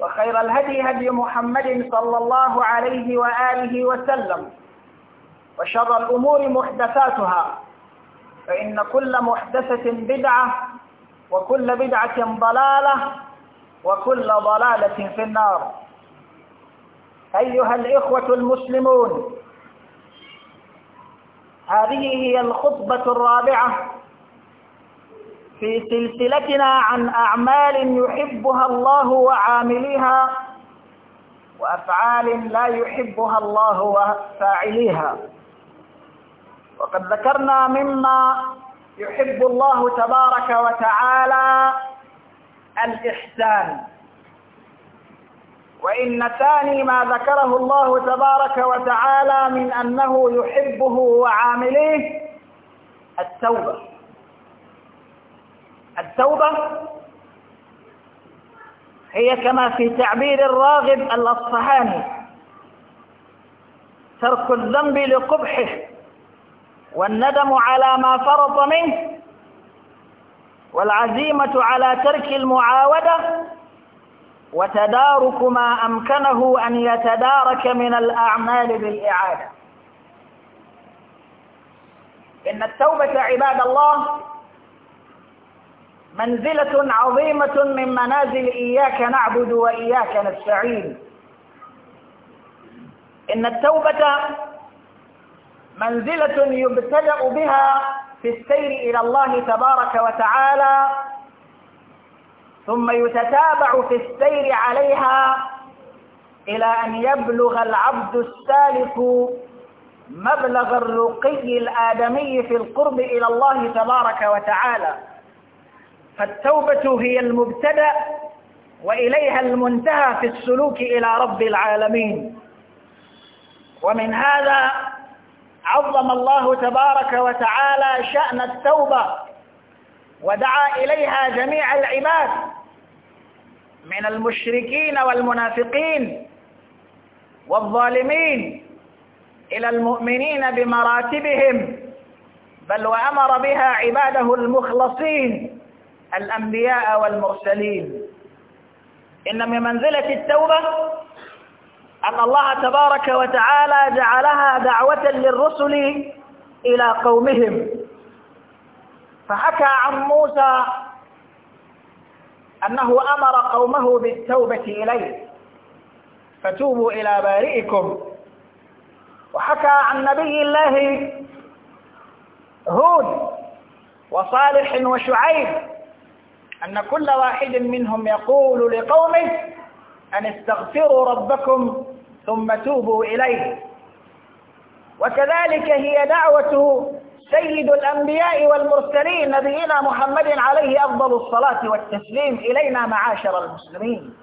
وخير الهدي هدي محمد صلى الله عليه وآله وسلم وشر الأمور محدثاتها فإن كل محدثة بدعة وكل بدعة ضلالة وكل ضلالة في النار أيها الإخوة المسلمون هذه هي الخطبة الرابعة في سلسلتنا عن أعمال يحبها الله وعامليها وأفعال لا يحبها الله وفاعليها وقد ذكرنا مما يحب الله تبارك وتعالى الإحسان وإن ثاني ما ذكره الله تبارك وتعالى من أنه يحبه وعامليه التوبة التوبة هي كما في تعبير الراغب الأصفهاني ترك الذنب لقبحه والندم على ما فرط منه والعزيمة على ترك المعاودة وتدارك ما أمكنه أن يتدارك من الأعمال بالإعادة إن التوبة عباد الله منزلة عظيمة من منازل إياك نعبد وإياك نستعين إن التوبة منزلة يبتدأ بها في السير إلى الله تبارك وتعالى ثم يتتابع في السير عليها إلى أن يبلغ العبد السالك مبلغ الرقي الآدمي في القرب إلى الله تبارك وتعالى فالتوبة هي المبتدأ وإليها المنتهى في السلوك إلى رب العالمين ومن هذا عظم الله تبارك وتعالى شأن التوبة ودعا إليها جميع العباد من المشركين والمنافقين والظالمين إلى المؤمنين بمراتبهم بل وأمر بها عباده المخلصين الأنبياء والمرسلين إن من منزلة التوبة أن الله تبارك وتعالى جعلها دعوة للرسل إلى قومهم فحكى عن موسى أنه أمر قومه بالتوبة إليه فتوبوا إلى بارئكم وحكى عن نبي الله هود وصالح وشعيب أن كل واحد منهم يقول لقومه أن استغفروا ربكم ثم توبوا إليه وكذلك هي دعوة سيد الأنبياء والمرسلين نبينا محمد عليه أفضل الصلاة والتسليم إلينا معاشر المسلمين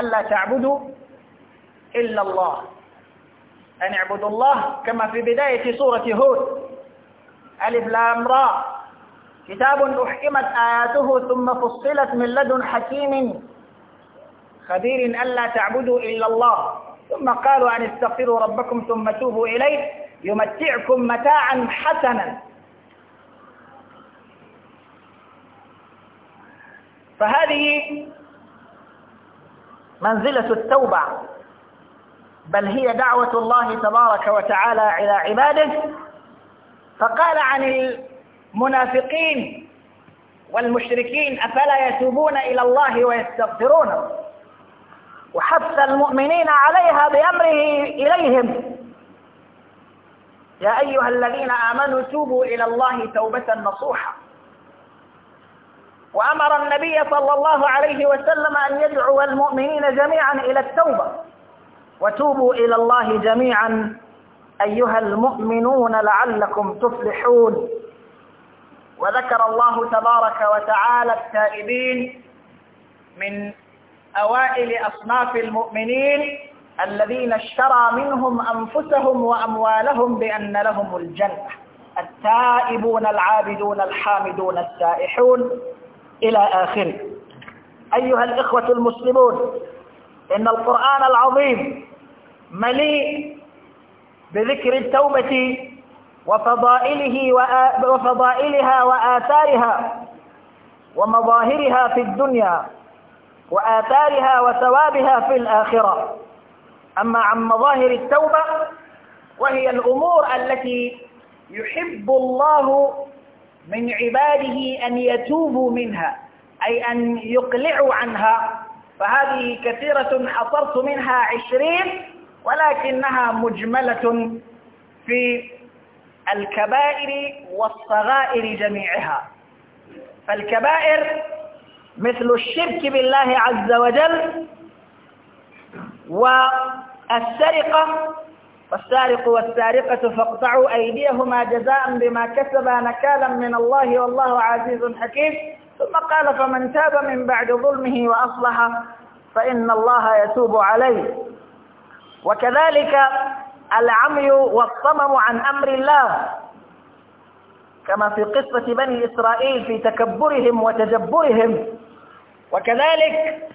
ألا تعبدوا إلا الله أن اعبدوا الله كما في بداية سورة هود ألف لام را كتاب أحكمت آياته ثم فصلت من لدن حكيم خبير ألا تعبدوا إلا الله ثم قالوا أن استغفروا ربكم ثم توبوا إليه يمتعكم متاعا حسنا فهذه منزلة التوبة بل هي دعوة الله تبارك وتعالى إلى عباده فقال عن المنافقين والمشركين أفلا يتوبون إلى الله ويستغفرونه وحث المؤمنين عليها بأمره إليهم يا أيها الذين آمنوا توبوا إلى الله توبة نصوحة وأمر النبي صلى الله عليه وسلم أن يدعو المؤمنين جميعا إلى التوبة وتوبوا إلى الله جميعا أيها المؤمنون لعلكم تفلحون وذكر الله تبارك وتعالى التائبين من أوائل أصناف المؤمنين الذين اشترى منهم أنفسهم وأموالهم بأن لهم الجنة التائبون العابدون الحامدون السائحون إلى آخره أيها الإخوة المسلمون إن القرآن العظيم مليء بذكر التوبة وفضائله وفضائلها وآثارها ومظاهرها في الدنيا وآثارها وثوابها في الآخرة أما عن مظاهر التوبة وهي الأمور التي يحب الله من عباده أن يتوبوا منها أي أن يقلعوا عنها فهذه كثيرة حصرت منها عشرين ولكنها مجملة في الكبائر والصغائر جميعها فالكبائر مثل الشرك بالله عز وجل والسرقة والسارق والسارقة فاقطعوا أيديهما جزاء بما كسبا نكالا من الله والله عزيز حكيم ثم قال فمن تاب من بعد ظلمه وأصلح فإن الله يتوب عليه وكذلك العمي والصمم عن أمر الله كما في قصة بني إسرائيل في تكبرهم وتجبرهم وكذلك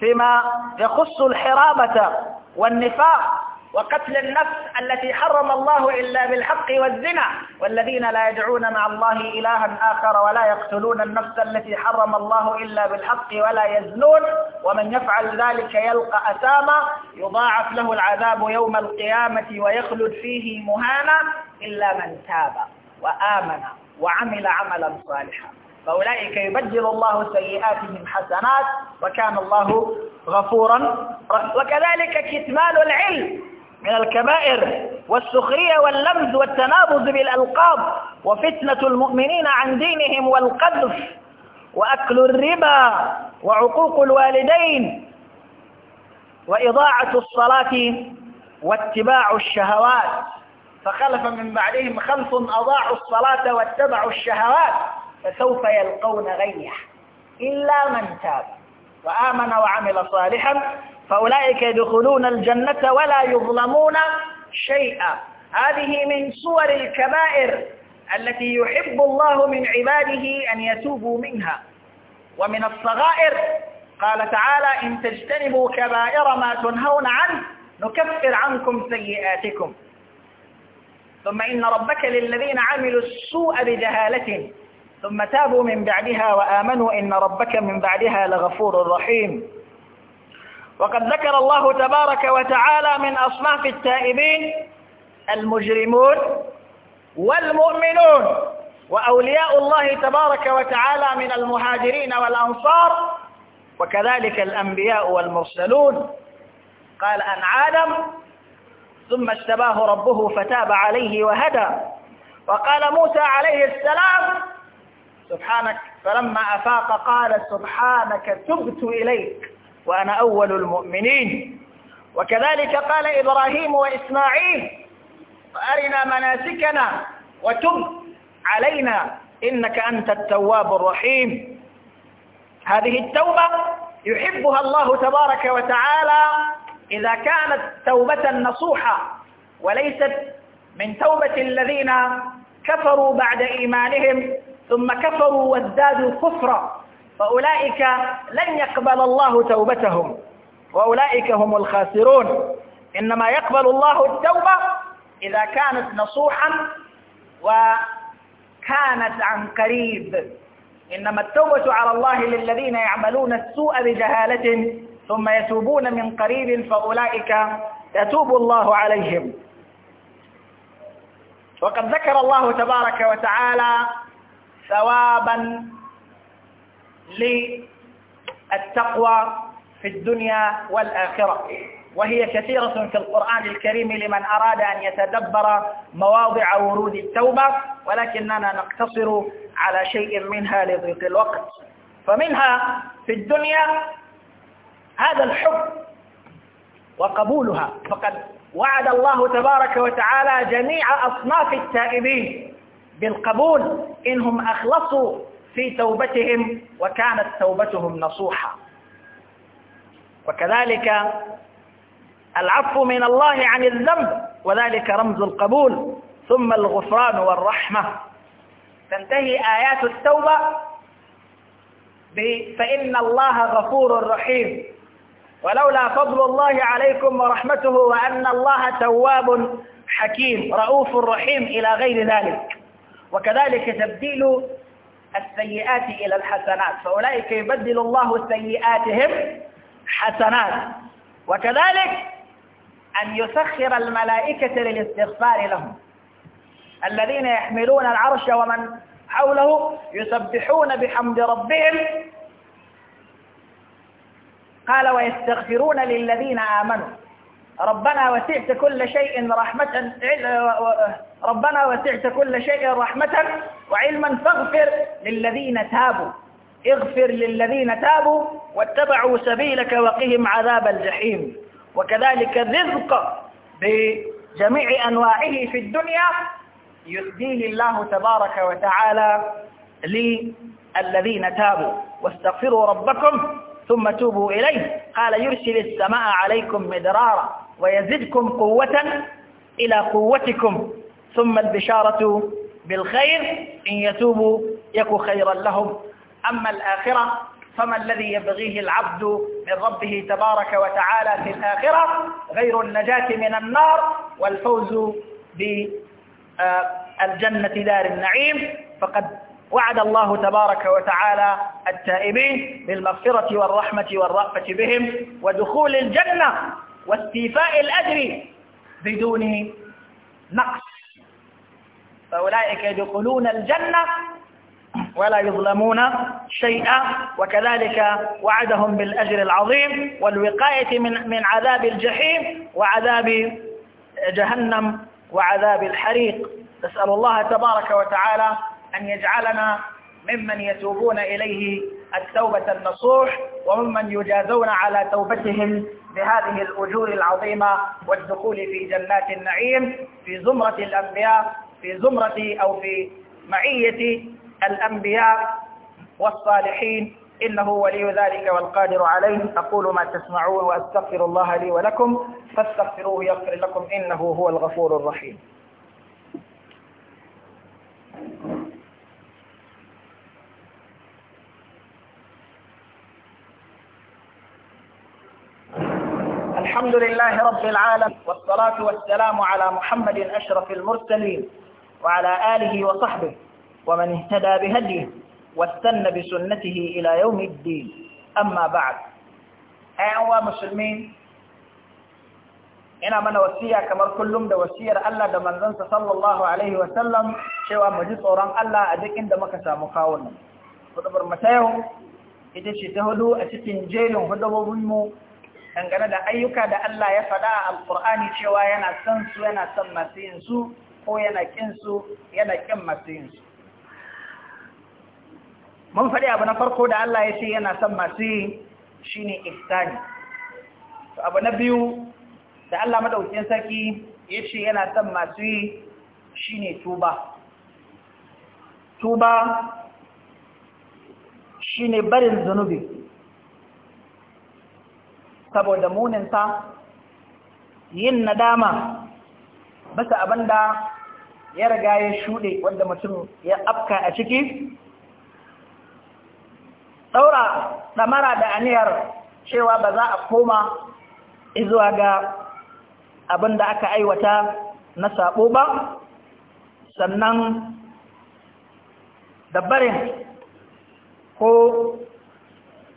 فيما يخص الحرابة والنفاق وقتل النفس التي حرم الله إلا بالحق والزنا والذين لا يدعون مع الله إلها آخر ولا يقتلون النفس التي حرم الله إلا بالحق ولا يزنون ومن يفعل ذلك يلقى أثاما يضاعف له العذاب يوم القيامة ويخلد فيه مهانا إلا من تاب وآمن وعمل عملا صالحا فأولئك يبدل الله سيئاتهم حسنات وكان الله غفورا وكذلك كتمان العلم من الكبائر والسخرية واللمز والتنابز بالألقاب وفتنة المؤمنين عن دينهم والقذف وأكل الربا وعقوق الوالدين وإضاعة الصلاة واتباع الشهوات فخلف من بعدهم خلف أضاعوا الصلاة واتبعوا الشهوات فسوف يلقون غيه إلا من تاب وآمن وعمل صالحا فأولئك يدخلون الجنة ولا يظلمون شيئا هذه من صور الكبائر التي يحب الله من عباده أن يتوبوا منها ومن الصغائر قال تعالى إن تجتنبوا كبائر ما تنهون عنه نكفر عنكم سيئاتكم ثم إن ربك للذين عملوا السوء بجهالة ثم تابوا من بعدها وآمنوا إن ربك من بعدها لغفور رحيم وقد ذكر الله تبارك وتعالى من أصناف التائبين المجرمون والمؤمنون وأولياء الله تبارك وتعالى من المهاجرين والأنصار وكذلك الأنبياء والمرسلون قال أن عادم ثم اجتباه ربه فتاب عليه وهدى وقال موسى عليه السلام سبحانك فلما أفاق قال سبحانك تبت إليك وأنا أول المؤمنين وكذلك قال إبراهيم وإسماعيل أرنا مناسكنا وتب علينا إنك أنت التواب الرحيم هذه التوبة يحبها الله تبارك وتعالى إذا كانت توبة نصوحة وليست من توبة الذين كفروا بعد إيمانهم ثم كفروا وازدادوا كفرا فأولئك لن يقبل الله توبتهم وأولئك هم الخاسرون إنما يقبل الله التوبة إذا كانت نصوحا وكانت عن قريب إنما التوبة على الله للذين يعملون السوء بجهالة ثم يتوبون من قريب فأولئك يتوب الله عليهم وقد ذكر الله تبارك وتعالى ثوابا للتقوى في الدنيا والآخرة وهي كثيرة في القرآن الكريم لمن أراد أن يتدبر مواضع ورود التوبة ولكننا نقتصر على شيء منها لضيق الوقت فمنها في الدنيا هذا الحب وقبولها فقد وعد الله تبارك وتعالى جميع أصناف التائبين بالقبول إنهم أخلصوا في توبتهم وكانت توبتهم نصوحا وكذلك العفو من الله عن الذنب وذلك رمز القبول ثم الغفران والرحمة تنتهي آيات التوبة فإن الله غفور رحيم ولولا فضل الله عليكم ورحمته وأن الله تواب حكيم رؤوف رحيم إلى غير ذلك وكذلك تبديل السيئات إلى الحسنات فأولئك يبدل الله سيئاتهم حسنات وكذلك أن يسخر الملائكة للاستغفار لهم الذين يحملون العرش ومن حوله يسبحون بحمد ربهم قال ويستغفرون للذين آمنوا ربنا وسعت كل شيء رحمة ربنا وسعت كل شيء رحمة وعلما فاغفر للذين تابوا اغفر للذين تابوا واتبعوا سبيلك وقهم عذاب الجحيم وكذلك الرزق بجميع أنواعه في الدنيا يهديه الله تبارك وتعالى للذين تابوا واستغفروا ربكم ثم توبوا إليه قال يرسل السماء عليكم مدرارا ويزدكم قوة إلى قوتكم ثم البشارة بالخير إن يتوبوا يك خيرا لهم أما الآخرة فما الذي يبغيه العبد من ربه تبارك وتعالى في الآخرة غير النجاة من النار والفوز بالجنة دار النعيم فقد وعد الله تبارك وتعالى التائبين بالمغفرة والرحمة والرأفة بهم ودخول الجنة واستيفاء الأجر بدون نقص فأولئك يدخلون الجنة ولا يظلمون شيئا وكذلك وعدهم بالأجر العظيم والوقاية من, من عذاب الجحيم وعذاب جهنم وعذاب الحريق نسأل الله تبارك وتعالى أن يجعلنا ممن يتوبون إليه التوبة النصوح وممن يجازون على توبتهم بهذه الأجور العظيمة والدخول في جنات النعيم في زمرة الأنبياء في زمرة أو في معية الأنبياء والصالحين إنه ولي ذلك والقادر عليه أقول ما تسمعون وأستغفر الله لي ولكم فاستغفروه يغفر لكم إنه هو الغفور الرحيم الحمد لله رب العالمين والصلاة والسلام على محمد أشرف المرسلين وعلى آله وصحبه ومن اهتدى بهديه واستنى بسنته إلى يوم الدين أما بعد أعوى المسلمين إنا من وسيع كمر كلهم دا وسيع ألا دا من صلى الله عليه وسلم شوى مجيس أوران ألا أدك إن دا مكسى مخاونا فدبر متاعه إذا شتهدو أشتين جيلهم فدبو بيمو أن كان دا أيوكا دا ألا يفدا القرآن شوى ينا سنسو ينا سمسين ko yana kinsu yana kin masu yinsu mun faɗi abu na farko da Allah ya ce yana son masu yi shi ne To abu na biyu da Allah madaukin sarki ya ce yana son masu yi shi ne tuba tuba shi ne barin zunubi saboda munin muninsa yin nadama basa abinda ya riga ya shuɗe wanda mutum ya afka a ciki ɗaura ɗamara da aniyar cewa ba za a koma izuwa ga abin da aka aiwata na saɓo ba sannan dabarin, ko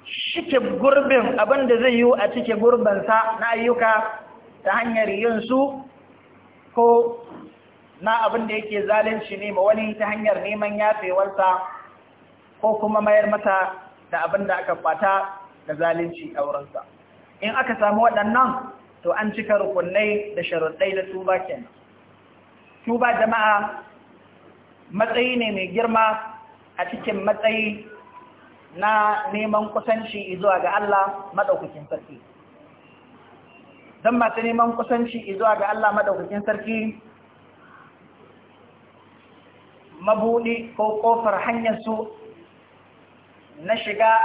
shike gurbin abin da zai yi a cike gurbansa na ayyuka ta hanyar yin su ko na abin da yake zalunci ne ma wani ta hanyar neman yafewarsa ko kuma mayar mata da abin da aka fata da zalunci a wurinsa in aka samu waɗannan to an cika rukunai da sharuɗai da tuba kenan tuba jama'a matsayi ne mai girma a cikin matsayi na neman kusanci zuwa ga Allah madaukakin sarki don masu neman kusanci zuwa ga Allah madaukakin sarki mabuɗi ko ƙofar su na shiga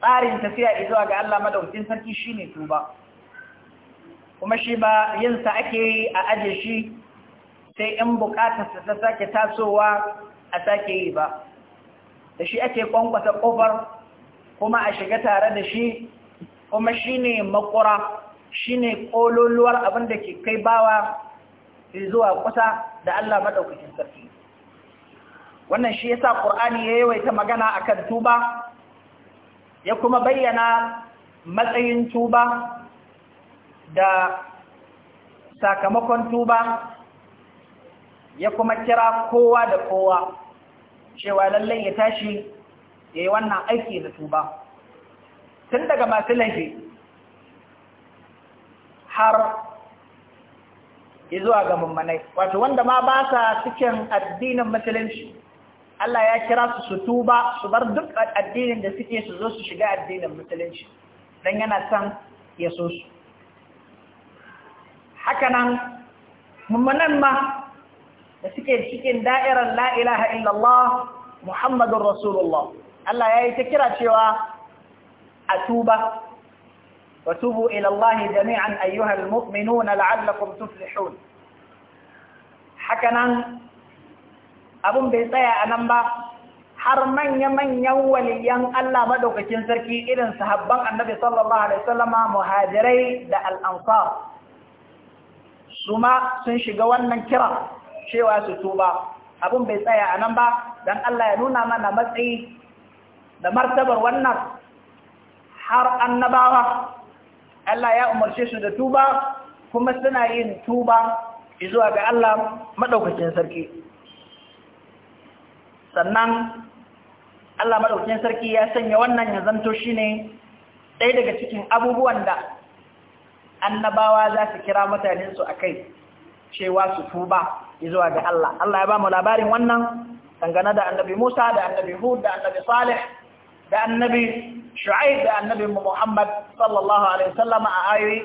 tsarin tafiya izuwa ga Allah madaukin sarki shi ne tuba kuma shi ba yinsa ake yi a aje shi sai in sa ta sake tasowa a sake yi ba da shi ake kwankwasa ƙofar kuma a shiga tare da shi kuma shi ne makura shine ƙololuwar abin da ke kai bawa zuwa kusa da Allah madaukakin sarki wannan shi yasa ƙur'ani ya yawaita magana a kan tuba ya kuma bayyana matsayin tuba da sakamakon tuba ya kuma kira kowa da kowa cewa lallai ya tashi ya yi wannan aiki da tuba tun daga masu laifi har zuwa ga mummanai wato wanda ma ba sa cikin addinin musulunci Allah ya kira su su tuba su bar duk addinin da suke su zo su shiga addinin musulunci dan yana son ya so su hakanan mummanan ma da suke cikin da'irar la ilaha illallah muhammadun rasulullah Allah ya yi ta kira cewa a tuba وتوبوا إلى الله جميعا أيها المؤمنون لعلكم تفلحون hakanan abun bai tsaya a nan ba har manya-manyan waliyan Allah madaukakin sarki irin sahabban annabi sallallahu alaihi wasallama muhajirai da al'ansar su ma sun shiga wannan kira cewa su tuba abun bai tsaya a nan ba don Allah ya nuna mana matsayi da martabar wannan har annabawa Allah ya umarce su da tuba kuma suna yin tuba zuwa ga Allah madaukakin sarki sannan Allah madaukakin sarki ya sanya wannan ya zanto shine ɗaya daga cikin abubuwan da annabawa za su kira mutanen su akai cewa su tuba zuwa ga Allah Allah ya ba mu labarin wannan dangane da annabi Musa da annabi Hud da annabi Salih da annabi shu'aib da annabi muhammad sallallahu alaihi wasallam a ayoyi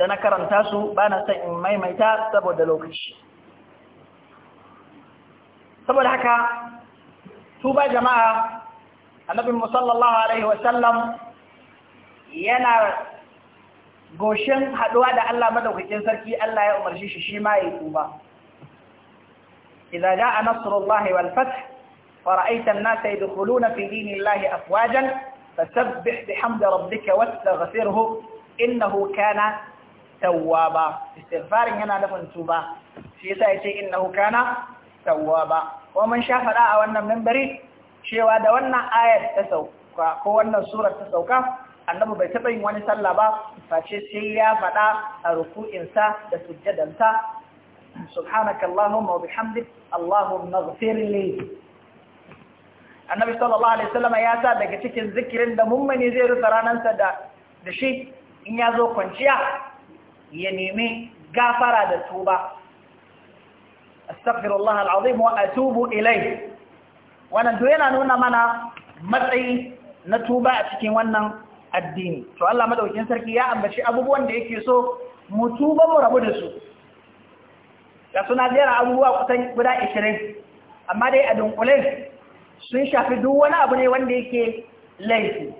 da na karanta su ba na san in maimaita saboda lokaci saboda haka tuba jama'a annabi sallallahu alaihi wasallam yana goshin haduwa da Allah madaukakin sarki Allah ya umarci shi shi ma ya tuba idza jaa nasrullahi wal fath فرأيت الناس يدخلون في دين الله أفواجا فسبح بحمد ربك واستغفره إنه كان توابا استغفار هنا نفن توبا shi yasa yace innahu kana tawwaba ko man sha fada a wannan membari cewa da wannan ayat ta sauka ko surar ta sauka annabi bai taba yin wani sallah ba face sai ya fada a ruku'insa da sujjadansa subhanakallahumma wa bihamdik allahumma ighfir annabi sallallahu alaihi wasallam ya sa daga cikin zikirin da mummuni zai rusa ranansa da da shi in ya zo kwanciya ya nemi gafara da tuba astaghfirullah alazim wa atubu ilayhi wannan duk yana nuna mana matsayi na tuba a cikin wannan addini to Allah madaukakin sarki ya ambaci abubuwan da yake so mu tuba mu rabu da su da suna jera abubuwa kusan guda 20 amma dai a dunkule sun shafi duk wani abu ne wanda yake laifi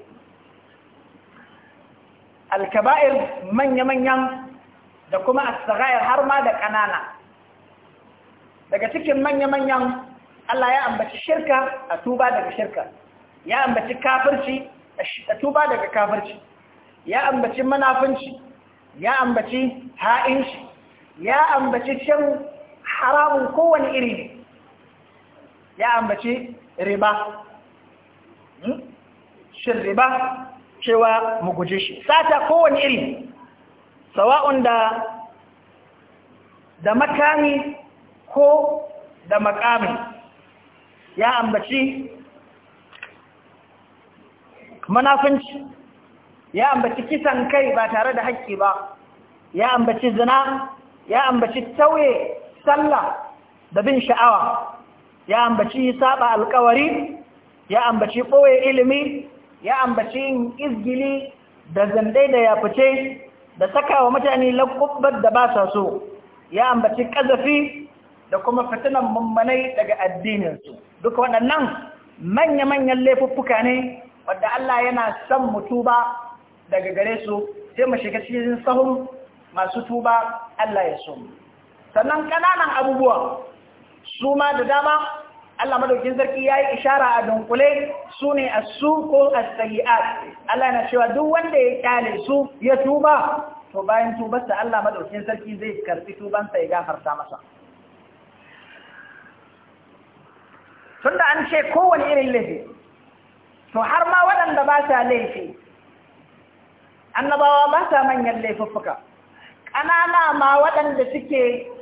alkaba'ir manya-manyan da kuma asirayar har ma da ƙanana daga cikin manya-manyan Allah ya ambaci shirka a tuba daga shirka ya ambaci kafirci a tuba daga kafirci ya ambaci manafinci ya ambaci ha'inci ya ambaci cin haramun kowane iri ya ambaci riba hmm? shin riba cewa mu guje shi sata kowane iri sawa'un da da makami ko da makami ya ambaci manafinci ya ambaci kisan kai ba tare da haƙƙi ba ya ambaci zina ya ambaci tauye sallah da bin sha'awa ya ambaci saba alkawari ya ambaci ɓoye ilimi ya ambaci yin izgili da zande da ya fice da sakawa mutane lakubbar da ba sa so ya ambaci ƙazafi da kuma fitinan mummanai daga addininsu duk waɗannan manya-manyan laifuffuka ne wadda Allah yana san mutuba daga gare su sai mu shiga cikin sahun masu tuba Allah ya so sannan ƙananan abubuwa su ma da dama Allah madaukin sarki yayi ishara a dunkule su ne a su ko as-sayyi'at Allah na cewa duk wanda ya kyale su ya tuba to bayan tubarsa Allah madaukin sarki zai karbi tubansa ya gafarta masa tunda an ce kowane irin laifi to har ma waɗanda ba sa laifi annabawa ba sa manyan laifuffuka ƙanana ma waɗanda suke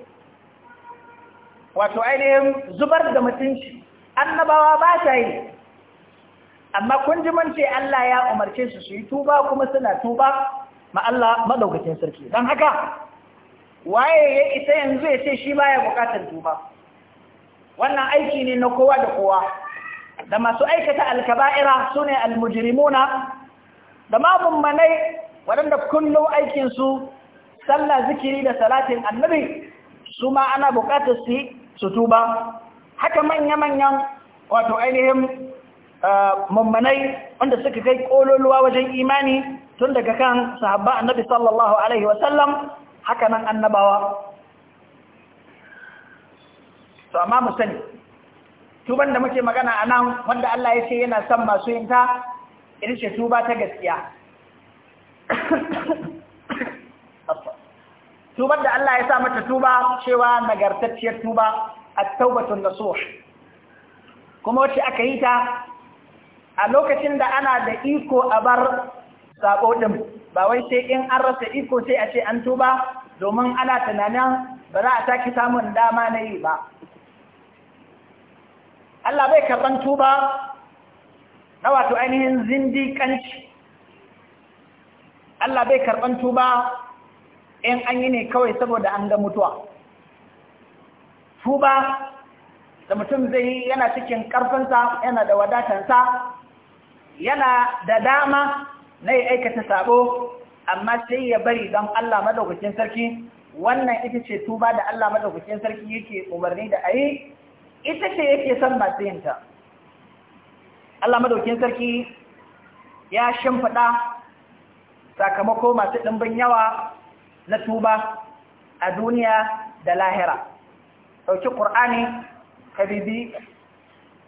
wato ainihin zubar da mutunci annabawa ba ta yi amma kun ji mun ce Allah ya umarce su su yi tuba kuma suna tuba ma Allah madaukakin sarki don haka waye ya isa yanzu ya ce shi baya bukatar tuba wannan aiki ne na kowa da kowa da masu aikata alkaba'ira su ne almujirimuna da mamummanai waɗanda kullum aikinsu sallah zikiri da salatin annabi su ma ana bukatar su su tuba haka manya-manyan wato ainihin uh, mummanai wanda suka kai kololuwa wajen imani tun daga kan sahabba annabi sallallahu alaihi wasallam haka nan annabawa to amma mu tuban da muke magana a nan wanda Allah ya ce yana son masu yin ta ce tuba ta gaskiya tubar da Allah ya sa mata tuba cewa nagartacciyar tuba a taubatun nasuh kuma wacce aka yi ta a lokacin da ana da iko a bar sabo ɗin, ba wai sai in an rasa iko sai a ce an tuba domin ana tunanin ba za a sake samun dama na yi ba Allah bai karɓar tuba na wato ainihin zindiƙanci Allah bai karɓar tuba in an yi ne kawai saboda an ga mutuwa tuba da mutum zai yi yana cikin ƙarfinsa yana da wadatansa yana da dama na yi aikata sabo amma sai ya bari don Allah madaukakin sarki wannan ita ce tuba da Allah madaukakin sarki yake umarni da a yi ita ce yake son masu yinta Allah madaukakin sarki ya shimfiɗa sakamako masu ɗimbin yawa na tuba a duniya da lahira ɗauki ƙur'ani ka bibi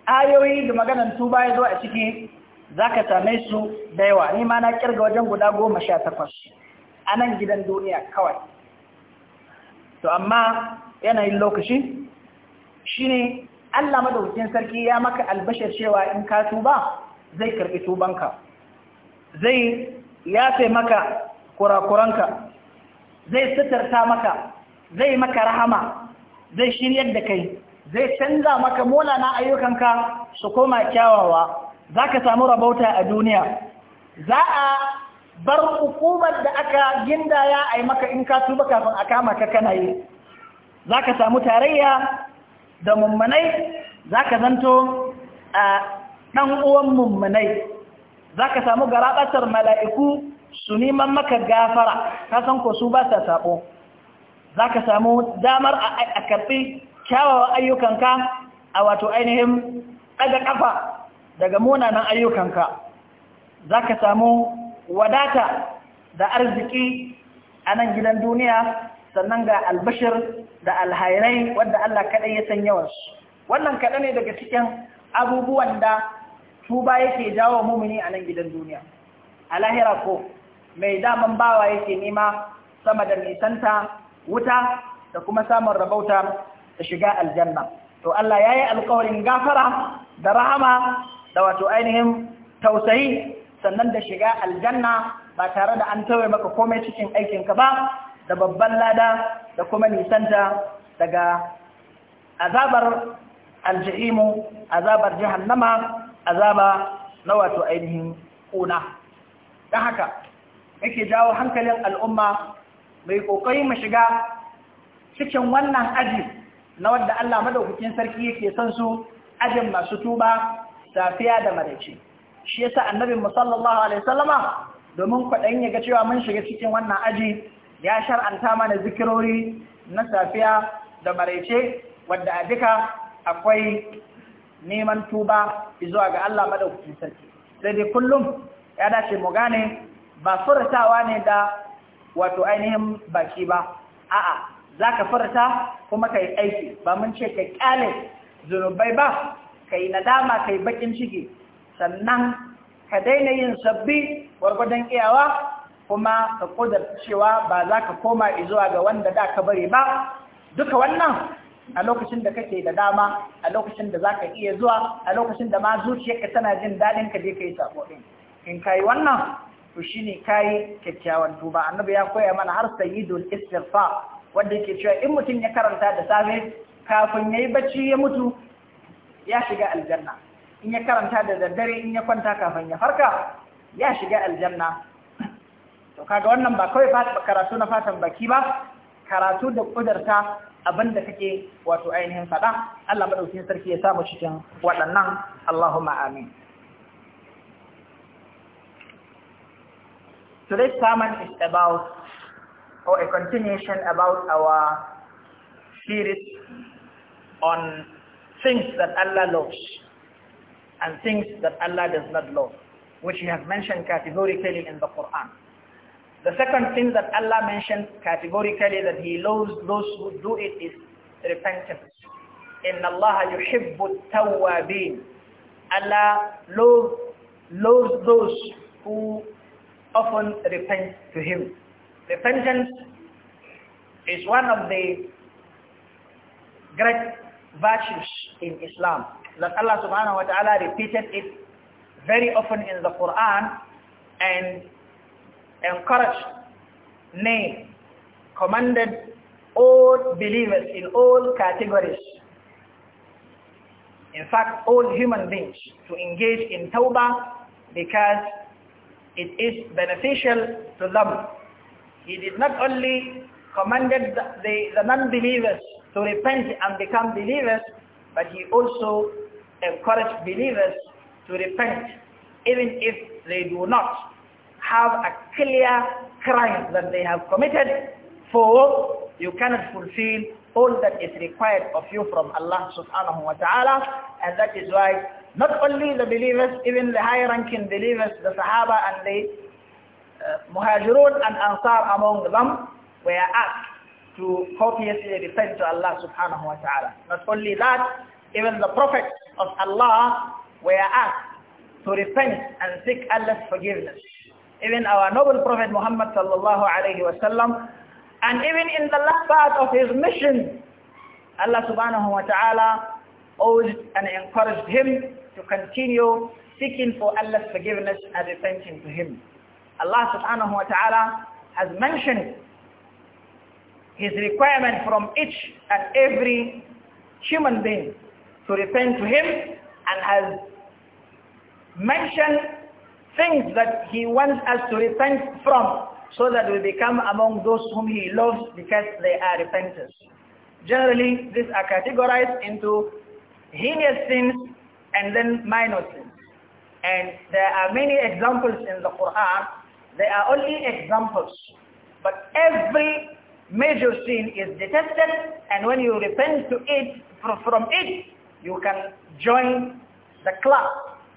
ayoyi da maganan tuba ya zo a ciki za ka same su da yawa ni ma na ƙirga wajen guda goma sha takwas a nan gidan duniya kawai to amma yanayin lokaci shi ne allah madaukin sarki ya maka albashar cewa in ka tuba zai karɓi tubanka zai yafe maka kurakuranka zai sitarta maka zai maka rahama zai shiryar da kai zai canza maka na ayyukanka su koma kyawawa za ka samu rabauta a duniya za a bar hukumar da aka ya a yi maka in ka tuba kafin a kama ka kana yi za ka samu tarayya da mummanai za ka zanto a ɗan uwan za ka samu garaɓatar mala'iku su neman maka gafara ka san ko su ba sa sabo za ka samu damar a karɓi kyawawan ayyukanka a wato ainihin ɗaga ƙafa daga munanan ayyukanka za ka samu wadata da arziki a nan gidan duniya sannan ga albashir da alhairai wadda Allah kaɗai ya san yawansu wannan kaɗa ne daga cikin abubuwan da tuba yake jawo mumini a nan gidan duniya a lahira ko mai daman bawa yake nema sama da nisanta wuta da kuma samun rabauta da shiga aljanna to Allah ya yi alkawarin gafara da rahama da wato ainihin tausayi sannan da shiga aljanna ba tare da an tawaye maka komai cikin aikinka ba da babban lada da kuma nisanta daga azabar aljihimu azabar jahannama azaba na wato ainihin kuna da haka yake jawo hankalin al'umma mai ƙoƙari mu shiga cikin wannan aji na wadda Allah madaukakin sarki yake son su ajin masu tuba safiya da maraice shi yasa annabi mu sallallahu alaihi wasallama domin kwaɗayin ya ga cewa mun shiga cikin wannan aji ya shar'anta mana zikirori na safiya da maraice wadda a duka akwai neman tuba zuwa ga Allah madaukakin sarki sai dai kullum ya dace mu gane ba furtawa ne da wato ainihin baki ba a'a zaka furta kuma kai aiki ba mun ce ka kyale zunubai ba kai nadama kai bakin ciki sannan ka daina yin sabbi gwargwadon iyawa kuma ka kudar cewa ba za ka koma zuwa ga wanda da ka bari ba duka wannan a lokacin da kake da dama a lokacin da za ka iya zuwa a lokacin da ma zuciyarka tana jin daɗin ka je ka yi sabo ɗin in ka wannan to shine kai kyakkyawan tuba annabi ya koya mana har sayyidul istirfa wanda yake cewa in mutum ya karanta da safe kafin yayi bacci ya mutu ya shiga aljanna in ya karanta da daddare in ya kwanta kafin ya farka ya shiga aljanna to kaga wannan ba kawai karatu na fatan baki ba karatu da kudarta abinda kake wato ainihin fada Allah madaukakin sarki ya samu cikin waɗannan Allahumma amin Today's sermon is about, or a continuation about our series on things that Allah loves and things that Allah does not love, which He has mentioned categorically in the Quran. The second thing that Allah mentioned categorically that He loves those who do it is repentance. إِنَّ اللَّهَ يُحِبُّ التَّوَّابِينَ Allah loves, loves those who often repent to him. Repentance is one of the great virtues in Islam. That Allah subhanahu wa ta'ala repeated it very often in the Quran and encouraged, nay, commanded all believers in all categories. In fact, all human beings to engage in tawbah because it is beneficial to them. He did not only commanded the, the, the non-believers to repent and become believers, but he also encouraged believers to repent, even if they do not have a clear crime that they have committed, for you cannot fulfill all that is required of you from Allah subhanahu wa ta'ala, and that is why not only the believers, even the high-ranking believers, the Sahaba and the uh, Muhajirun and Ansar among them were asked to copiously repent to Allah subhanahu wa ta'ala. Not only that, even the prophets of Allah were asked to repent and seek Allah's forgiveness. Even our noble Prophet Muhammad sallallahu alayhi wa sallam, and even in the last part of his mission, Allah subhanahu wa ta'ala urged and encouraged him to continue seeking for Allah's forgiveness and repenting to Him. Allah subhanahu wa ta'ala has mentioned His requirement from each and every human being to repent to Him and has mentioned things that He wants us to repent from so that we become among those whom He loves because they are repenters. Generally, these are categorized into heinous sins and then minor sins. And there are many examples in the Quran. They are only examples. But every major sin is detested and when you repent to it, from it, you can join the club